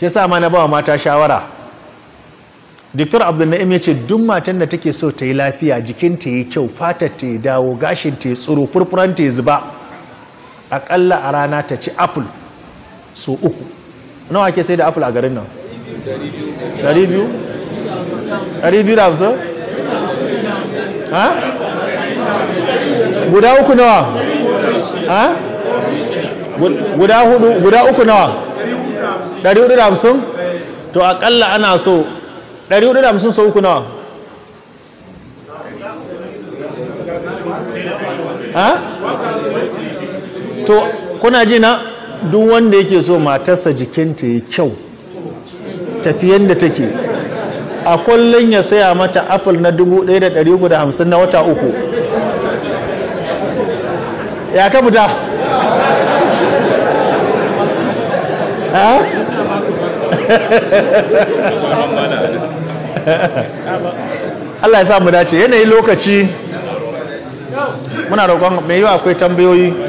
shi sa ma na bawa mata shawara Dr. Abdul Na'im ya ce duk matan da take so ta yi lafiya jikinta yi kyau fatar ta yi dawo gashin ta yi tsoro furfuran ta yi zuba akalla a rana ta ci apple so uku nawa ake sai da apple a garin nan 200 250 ha guda uku nawa ha guda uku nawa 450 to akalla ana so 450 sau uku nawa ha to kuna ji na duk wanda yake so matarsa jikinta ya kyau tafiyan da take a kullum ya saya mata apple na 1,150 na wata uku ya ka fita Allah ya sa mu dace yanayin lokaci muna roƙon mai yiwa akwai tambayoyi